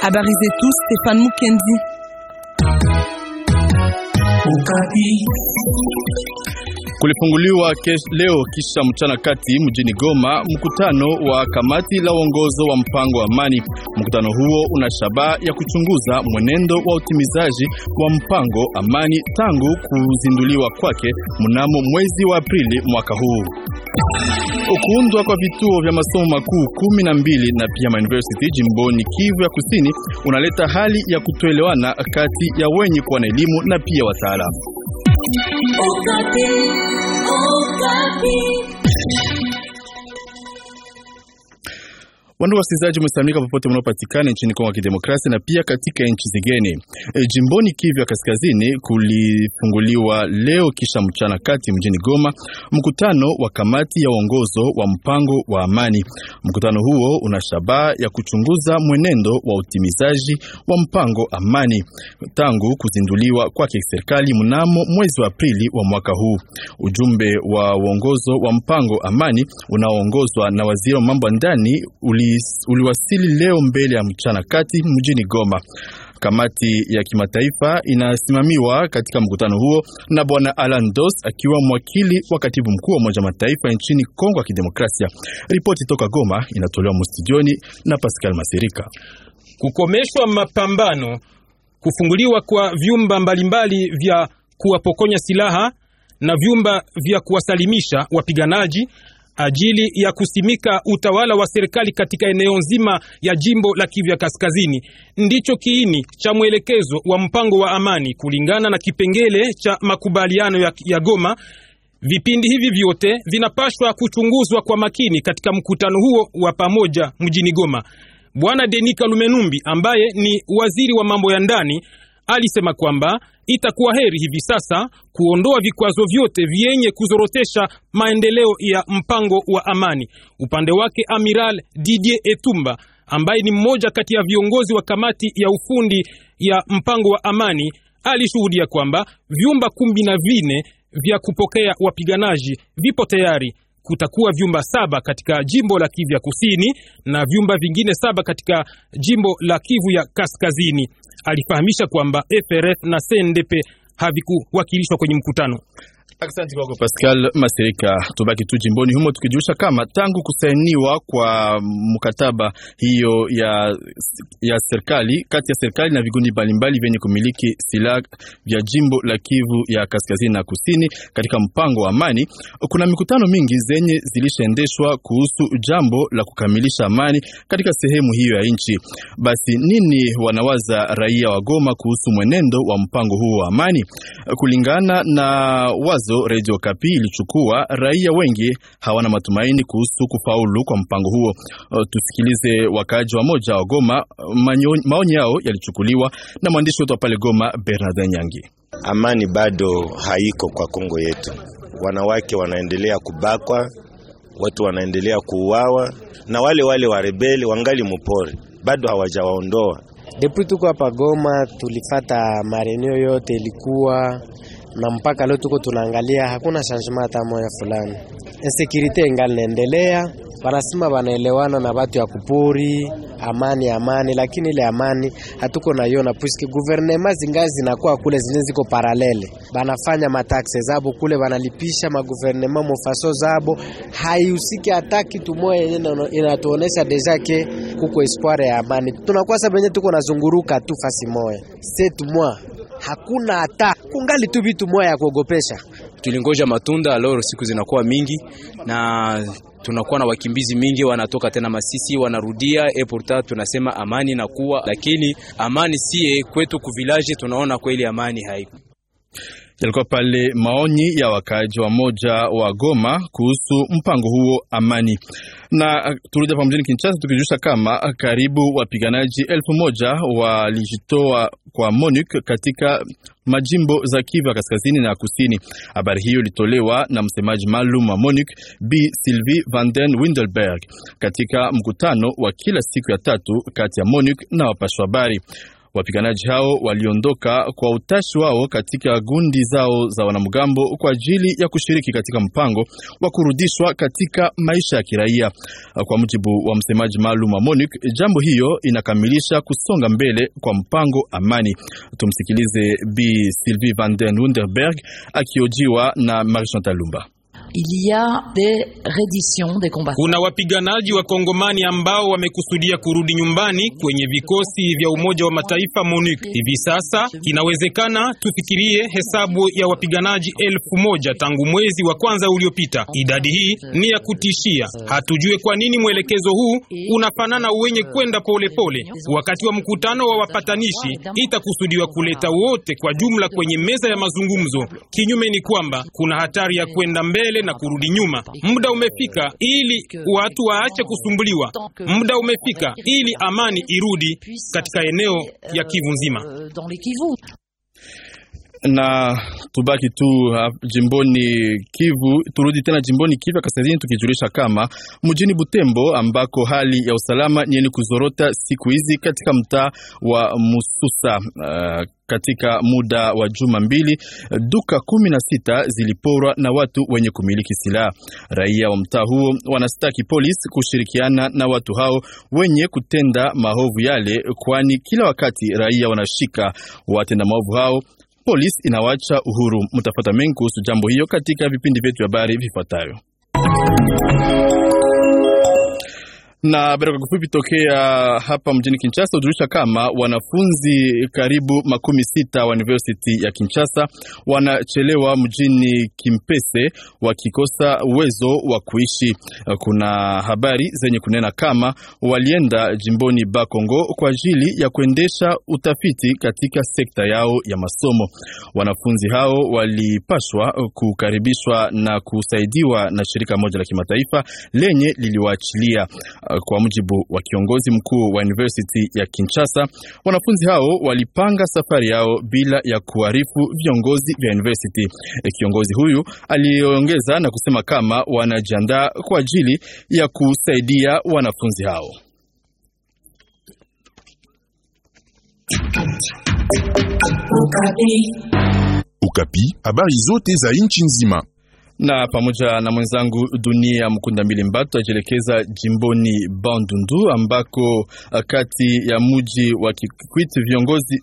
Habari zetu Stéphane Mukendi. Kulifunguliwa leo kisha mchana kati mjini Goma mkutano wa kamati la uongozo wa mpango wa amani. Mkutano huo una shabaha ya kuchunguza mwenendo wa utimizaji wa mpango amani tangu kuzinduliwa kwake mnamo mwezi wa Aprili mwaka huu. Kuundwa kwa vituo vya masomo makuu kumi na mbili na pia mauniversity jimboni Kivu ya Kusini unaleta hali ya kutoelewana kati ya wenye kuwa na elimu na pia wataalamu. Wandugu wasikilizaji, mmesalimika popote mnaopatikana nchini Kongo ya Kidemokrasia na pia katika nchi zigeni. E, jimboni Kivu ya Kaskazini kulifunguliwa leo kisha mchana kati mjini Goma mkutano wa kamati ya uongozo wa mpango wa amani. Mkutano huo una shabaha ya kuchunguza mwenendo wa utimizaji wa mpango amani tangu kuzinduliwa kwake serikali mnamo mwezi wa Aprili wa mwaka huu. Ujumbe wa uongozo wa mpango amani unaoongozwa na waziri wa mambo ya ndani uli uliwasili leo mbele ya mchana kati mjini Goma. Kamati ya kimataifa inasimamiwa katika mkutano huo na bwana Alan Dos akiwa mwakili wa katibu mkuu wa Umoja Mataifa nchini Kongo ya Kidemokrasia. Ripoti toka Goma inatolewa mustudioni na Pascal Masirika. Kukomeshwa mapambano, kufunguliwa kwa vyumba mbalimbali vya kuwapokonya silaha na vyumba vya kuwasalimisha wapiganaji ajili ya kusimika utawala wa serikali katika eneo nzima ya jimbo la Kivu ya Kaskazini ndicho kiini cha mwelekezo wa mpango wa amani kulingana na kipengele cha makubaliano ya, ya Goma. Vipindi hivi vyote vinapashwa kuchunguzwa kwa makini katika mkutano huo wa pamoja mjini Goma. Bwana Denika lumenumbi ambaye ni waziri wa mambo ya ndani alisema kwamba itakuwa heri hivi sasa kuondoa vikwazo vyote vyenye kuzorotesha maendeleo ya mpango wa amani. Upande wake, Amiral Didier Etumba ambaye ni mmoja kati ya viongozi wa kamati ya ufundi ya mpango wa amani alishuhudia kwamba vyumba kumi na vine vya kupokea wapiganaji vipo tayari. Kutakuwa vyumba saba katika jimbo la Kivu ya Kusini na vyumba vingine saba katika jimbo la Kivu ya Kaskazini alifahamisha kwamba FRF na CNDP havikuwakilishwa kwenye mkutano. Asante kwako Pascal Masirika. Tubaki tu jimboni humo tukijulisha kama tangu kusainiwa kwa mkataba hiyo ya, ya serikali kati ya serikali na vikundi mbalimbali vyenye kumiliki silaha vya jimbo la Kivu ya kaskazini na kusini katika mpango wa amani, kuna mikutano mingi zenye zilishaendeshwa kuhusu jambo la kukamilisha amani katika sehemu hiyo ya nchi. Basi nini wanawaza raia wa Goma kuhusu mwenendo wa mpango huo wa amani kulingana na waza ambazo Radio Kapi ilichukua, raia wengi hawana matumaini kuhusu kufaulu kwa mpango huo. Uh, tusikilize wakaaji wa moja wa Goma, uh, maoni yao yalichukuliwa na mwandishi wetu wa pale Goma, Bernard Nyangi. Amani bado haiko kwa Kongo yetu, wanawake wanaendelea kubakwa, watu wanaendelea kuuawa, na wale wale warebeli wangali mupori, bado hawajawaondoa. Depuis tuko hapa Goma tulifata mareneo yote ilikuwa na mpaka leo tuko tunaangalia, hakuna changement hata moja fulani. Insecurity ingali naendelea, wanasema wanaelewana na watu ya kupori amani amani, lakini ile amani hatuko naiona, puisque guvernema zingazi zinakuwa kule zile ziko paralele, banafanya mataxe zabo kule, banalipisha maguvernema mofaso zabo, haihusiki hata kitu moja yenye inatuonesha deja ke kuko espoir ya amani. Tunakuwa sasa tuko nazunguruka tu fasi moja setu mwa hakuna hata kungali tu vitu moya ya kuogopesha. Tulingoja matunda leo, siku zinakuwa mingi na tunakuwa na wakimbizi mingi wanatoka tena Masisi wanarudia eporta. Tunasema amani na kuwa, lakini amani sie kwetu kuvilaje, tunaona kweli amani haiko yalikuwa pale maoni ya wakaaji wa moja wa Goma kuhusu mpango huo amani. Na ah, turudi hapa mjini Kinshasa tukijulisha kama ah, karibu wapiganaji elfu moja walijitoa kwa MONUC katika majimbo za Kivu kaskazini na kusini. Habari hiyo ilitolewa na msemaji maalum wa MONUC B Sylvie van den Windelberg katika mkutano wa kila siku ya tatu kati ya MONUC na wapashwa habari. Wapiganaji hao waliondoka kwa utashi wao katika gundi zao za wanamgambo kwa ajili ya kushiriki katika mpango wa kurudishwa katika maisha ya kiraia. Kwa mujibu wa msemaji maalum wa MONUC, jambo hiyo inakamilisha kusonga mbele kwa mpango amani. Tumsikilize Bi Sylvie vanden Wunderberg akiojiwa na Marie Chantal Lumba. Kuna wapiganaji wa Kongomani ambao wamekusudia kurudi nyumbani kwenye vikosi vya Umoja wa Mataifa MONUC. Hivi sasa inawezekana tufikirie hesabu ya wapiganaji elfu moja tangu mwezi wa kwanza uliopita. Idadi hii ni ya kutishia. Hatujue kwa nini mwelekezo huu unafanana wenye kwenda polepole. Wakati wa mkutano wa wapatanishi itakusudiwa kuleta wote kwa jumla kwenye meza ya mazungumzo. Kinyume ni kwamba kuna hatari ya kwenda mbele na kurudi nyuma. Muda umefika ili watu waache kusumbuliwa. Muda umefika ili amani irudi katika eneo ya Kivu nzima na tubaki tu uh, jimboni Kivu, turudi tena jimboni Kivu kaskazini tukijulisha kama mjini Butembo ambako hali ya usalama ni yenye kuzorota siku hizi katika mtaa wa Mususa uh, katika muda wa juma mbili duka kumi na sita ziliporwa na watu wenye kumiliki silaha. Raia wa mtaa huo wanastaki polisi kushirikiana na watu hao wenye kutenda maovu yale, kwani kila wakati raia wanashika watenda maovu hao polisi inawacha uhuru. Mtafata mengi kuhusu jambo hiyo katika vipindi vyetu vya habari vifuatayo. Na habari kwa kifupi tokea hapa mjini Kinshasa hujulisha kama wanafunzi karibu makumi sita wa University ya Kinshasa wanachelewa mjini Kimpese wakikosa uwezo wa kuishi. Kuna habari zenye kunena kama walienda jimboni Bakongo kwa ajili ya kuendesha utafiti katika sekta yao ya masomo. Wanafunzi hao walipashwa kukaribishwa na kusaidiwa na shirika moja la kimataifa lenye liliwaachilia Uh, kwa mujibu wa kiongozi mkuu wa University ya Kinshasa, wanafunzi hao walipanga safari yao bila ya kuarifu viongozi vya university. E, kiongozi huyu aliongeza na kusema kama wanajiandaa kwa ajili ya kusaidia wanafunzi hao. Ukapi, habari zote za nchi nzima na pamoja na mwenzangu Dunia Mkunda Mbili Mbato ajielekeza jimboni Bandundu ambako uh, kati ya muji wa Kikwit viongozi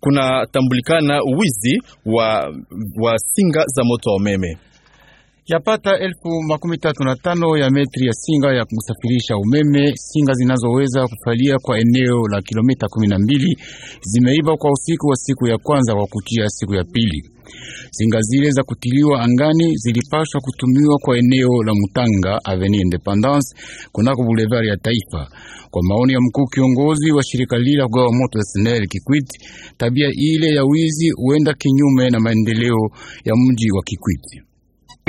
kuna tambulikana wizi wa, wa singa za moto wa umeme yapata elfu makumi tatu na tano ya metri ya singa ya kusafirisha umeme, singa zinazoweza kufalia kwa eneo la kilomita kumi na mbili zimeiba kwa usiku wa siku ya kwanza kwa kutia siku ya pili. Singa zile za kutiliwa angani zilipashwa kutumiwa kwa eneo la Mutanga Avenue Independance kunako boulevard ya Taifa. Kwa maoni ya mkuu kiongozi wa shirika lile la kugawa moto SNEL Kikwiti, tabia ile ya wizi huenda kinyume na maendeleo ya mji wa Kikwiti.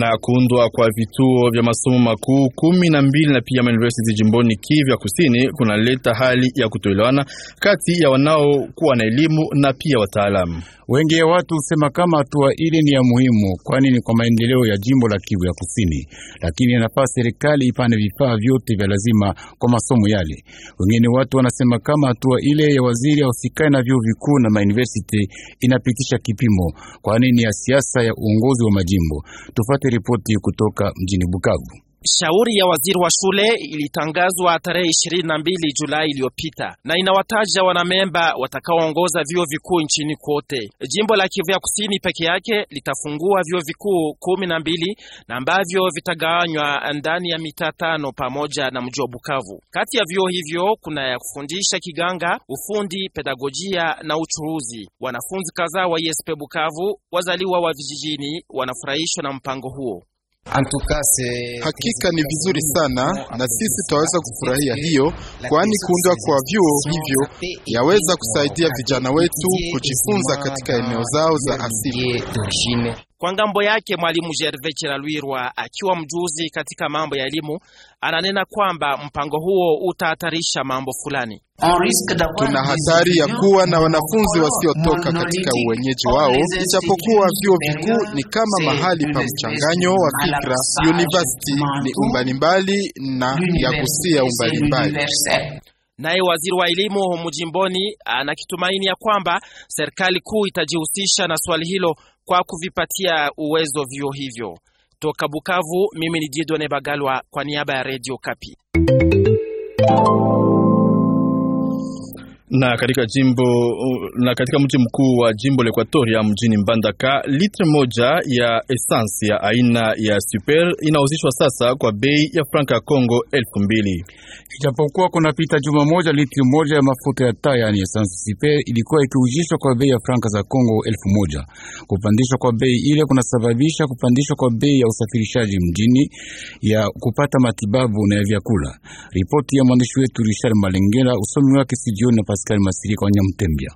na kuundwa kwa vituo vya masomo makuu kumi na mbili na pia mauniversity jimboni Kivu ya Kusini kunaleta hali ya kutoelewana kati ya wanaokuwa na elimu na pia wataalamu wengi. Ya watu husema kama hatua ile ni ya muhimu, kwani ni kwa maendeleo ya jimbo la Kivu ya Kusini, lakini inafaa serikali ipane vifaa vyote vya lazima kwa masomo yale. Wengine watu wanasema kama hatua ile ya waziri ausikae na vyuo vikuu na mauniversiti inapitisha kipimo, kwani ni ya siasa ya uongozi wa majimbo Tufati ripoti kutoka mjini Bukavu. Shauri ya waziri wa shule ilitangazwa tarehe 22 Julai iliyopita na inawataja wanamemba watakaoongoza vyuo vikuu nchini kote. Jimbo la Kivu ya Kusini peke yake litafungua vyuo vikuu kumi na mbili na ambavyo vitagawanywa ndani ya mitaa tano pamoja na mji wa Bukavu. Kati ya vyuo hivyo kuna ya kufundisha kiganga, ufundi, pedagojia na uchuuzi. Wanafunzi kadhaa wa ISP Bukavu wazaliwa wa vijijini wanafurahishwa na mpango huo. Hakika ni vizuri sana na sisi tutaweza kufurahia hiyo, kwani kuundwa kwa vyuo hivyo yaweza kusaidia vijana wetu kujifunza katika eneo zao za asili. Kwa ngambo yake, mwalimu Gervais Chiralwirwa akiwa mjuzi katika mambo ya elimu, ananena kwamba mpango huo utahatarisha mambo fulani. Tuna hatari ya kuwa na wanafunzi wasiotoka katika uwenyeji wao, ijapokuwa vyuo vikuu ni kama mahali pa mchanganyo wa fikra. University ni umbalimbali na ya kusia umbalimbali. Naye waziri wa elimu humu anakitumaini ya kwamba serikali kuu itajihusisha na swali hilo kwa kuvipatia uwezo vyuo hivyo. Toka Bukavu, mimi ni Jidone Bagalwa kwa niaba ya Radio Kapi na katika jimbo na katika mji mkuu wa jimbo la Equatoria mjini Mbandaka, litre moja ya essence ya aina ya super inauzishwa sasa kwa bei ya franka ya Kongo elfu mbili. Ijapokuwa kunapita juma moja, litre moja ya mafuta ya taa yani essence super ilikuwa ikiuzishwa kwa bei ya franka za Kongo elfu moja. Kupandishwa kwa bei ile kunasababisha kupandishwa kwa bei ya usafirishaji mjini ya kupata matibabu na ya vyakula. Ripoti ya mwandishi wetu Richard Malengela, usomi wake sijioni na askari Masirika Wanyamtembya.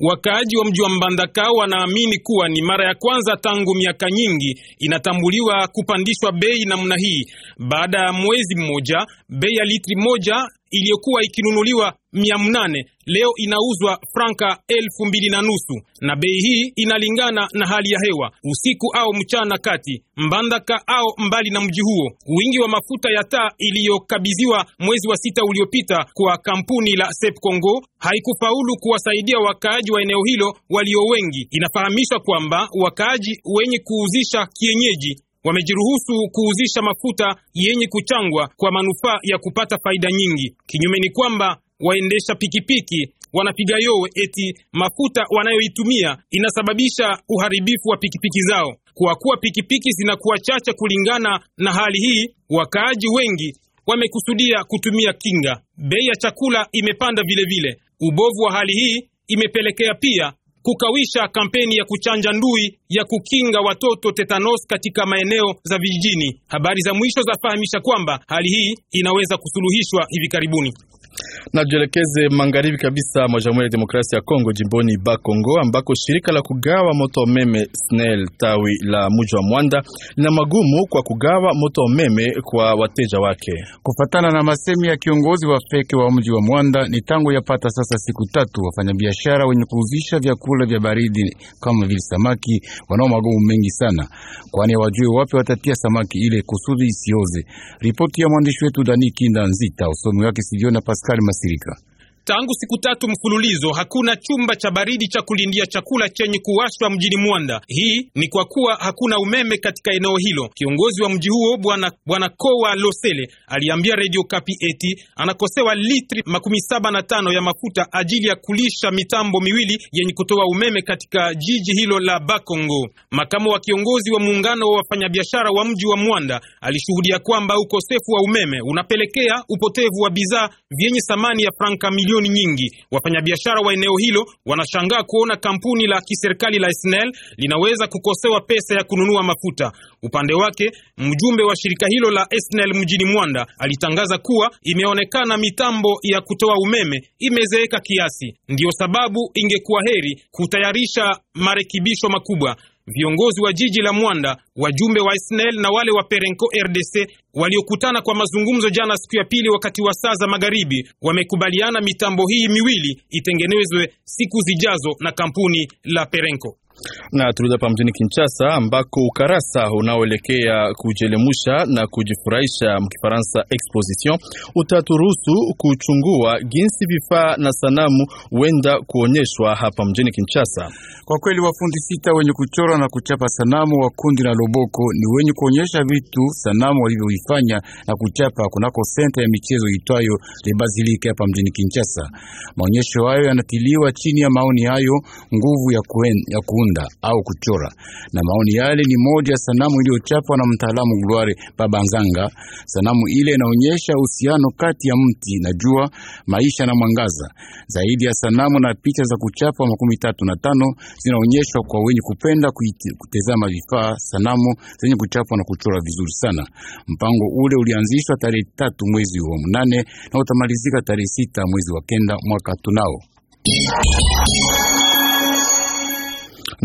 Wakaaji wa mji wa Mbandaka wanaamini kuwa ni mara ya kwanza tangu miaka nyingi inatambuliwa kupandishwa bei namna hii. Baada ya mwezi mmoja, bei ya litri moja iliyokuwa ikinunuliwa mia mnane leo inauzwa franka elfu mbili na nusu na bei hii inalingana na hali ya hewa usiku au mchana kati Mbandaka au mbali na mji huo. Wingi wa mafuta ya taa iliyokabidhiwa mwezi wa sita uliopita kwa kampuni la Sep Congo haikufaulu kuwasaidia wakaaji wa eneo hilo walio wengi. Inafahamishwa kwamba wakaaji wenye kuuzisha kienyeji wamejiruhusu kuuzisha mafuta yenye kuchangwa kwa manufaa ya kupata faida nyingi. Kinyume ni kwamba waendesha pikipiki wanapiga yowe eti mafuta wanayoitumia inasababisha uharibifu wa pikipiki zao. Kwa kuwa pikipiki zinakuwa chache kulingana na hali hii, wakaaji wengi wamekusudia kutumia kinga. Bei ya chakula imepanda vilevile. Ubovu wa hali hii imepelekea pia kukawisha kampeni ya kuchanja ndui ya kukinga watoto tetanos katika maeneo za vijijini. Habari za mwisho zafahamisha kwamba hali hii inaweza kusuluhishwa hivi karibuni na jelekeze magharibi kabisa mwa Jamhuri ya Demokrasia ya Kongo, jimboni Bakongo, ambako shirika la kugawa moto wa umeme SNEL tawi la muji wa Mwanda lina magumu kwa kugawa moto wa umeme kwa wateja wake. Kufatana na masemi ya kiongozi wa feke wa mji wa Mwanda, ni tangu yapata sasa siku tatu wafanyabiashara wenye kuuzisha vyakula vya baridi kama vile samaki wanao magumu mengi sana, kwani wajue wapi watatia samaki ile kusudi isioze. Ripoti ya mwandishi wetu Dani Kinda Nzita, usomi wake Siliona Pascal. kalması gerekiyor. Tangu siku tatu mfululizo hakuna chumba cha baridi cha kulindia chakula chenye kuwashwa mjini Mwanda. Hii ni kwa kuwa hakuna umeme katika eneo hilo. Kiongozi wa mji huo bwana bwana Kowa Losele aliambia Radio Kapi eti anakosewa litri makumi saba na tano ya mafuta ajili ya kulisha mitambo miwili yenye kutoa umeme katika jiji hilo la Bakongo. Makamu wa kiongozi wa muungano wa wafanyabiashara wa mji wa Mwanda alishuhudia kwamba ukosefu wa umeme unapelekea upotevu wa bidhaa vyenye thamani ya franka milioni milioni nyingi. Wafanyabiashara wa eneo hilo wanashangaa kuona kampuni la kiserikali la SNEL linaweza kukosewa pesa ya kununua mafuta. Upande wake, mjumbe wa shirika hilo la SNEL mjini Mwanda alitangaza kuwa imeonekana mitambo ya kutoa umeme imezeeka kiasi, ndiyo sababu ingekuwa heri kutayarisha marekebisho makubwa. Viongozi wa jiji la Mwanda, wajumbe wa SNEL na wale wa Perenco RDC waliokutana kwa mazungumzo jana siku ya pili wakati wa saa za magharibi, wamekubaliana mitambo hii miwili itengenezwe siku zijazo na kampuni la Perenco. Na turudi hapa mjini Kinshasa ambako ukarasa unaoelekea kujelemusha na kujifurahisha mkifaransa exposition utaturuhusu kuchungua jinsi vifaa na sanamu huenda kuonyeshwa hapa mjini Kinshasa. Kwa kweli wafundi sita wenye kuchora na kuchapa sanamu wa kundi la Loboko ni wenye kuonyesha vitu sanamu walivyoifanya na kuchapa kunako senta ya michezo itwayo Le Basilique hapa mjini Kinshasa. Maonyesho hayo yanatiliwa chini ya maoni hayo nguvu ya kuen kuunda au kuchora, na maoni yale ni moja ya sanamu iliyochapwa na mtaalamu Gloire Babanzanga. Sanamu ile inaonyesha uhusiano kati ya mti na jua, maisha na mwangaza. Zaidi ya sanamu na picha za kuchapwa makumi tatu na tano zinaonyeshwa kwa wenye kupenda kutezama vifaa sanamu zenye kuchapwa na kuchora vizuri sana. Mpango ule ulianzishwa tarehe tatu mwezi wa mnane na utamalizika tarehe sita mwezi wa kenda mwaka tunao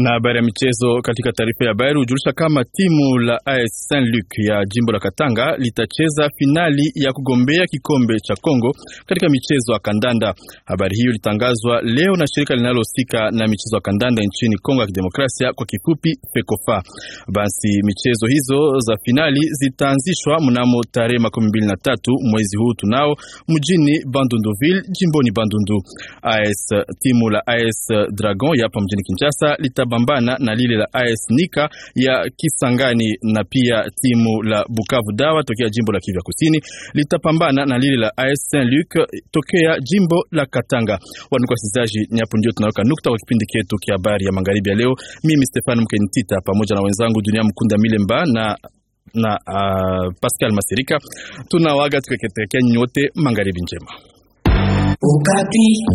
na habari ya michezo katika taarifa ya habari hujulisha kama timu la AS Saint Luc ya jimbo la Katanga litacheza finali ya kugombea kikombe cha Kongo katika michezo ya kandanda. Habari hiyo ilitangazwa leo na shirika linalohusika na michezo ya kandanda nchini Kongo ya Kidemokrasia, kwa kifupi FEKOFA. Basi michezo hizo za finali zitaanzishwa mnamo tarehe makumi mbili na tatu mwezi huu tunao mjini Bandunduville, jimboni Bandundu. AS timu la AS Dragon ya mjini Kinshasa lita linalopambana na lile la AS Nika ya Kisangani na pia timu la Bukavu Dawa tokea jimbo la Kivu Kusini litapambana na lile la AS Saint Luc tokea jimbo la Katanga. Wanuka wasizaji, nyapo ndio tunaweka nukta kwa kipindi chetu kia habari ya magharibi ya leo. Mimi Stefan Mkenitita pamoja na wenzangu Dunia Mkunda Milemba na na uh, Pascal Masirika tunawaga tukaketekea nyote, magharibi njema. Ukati.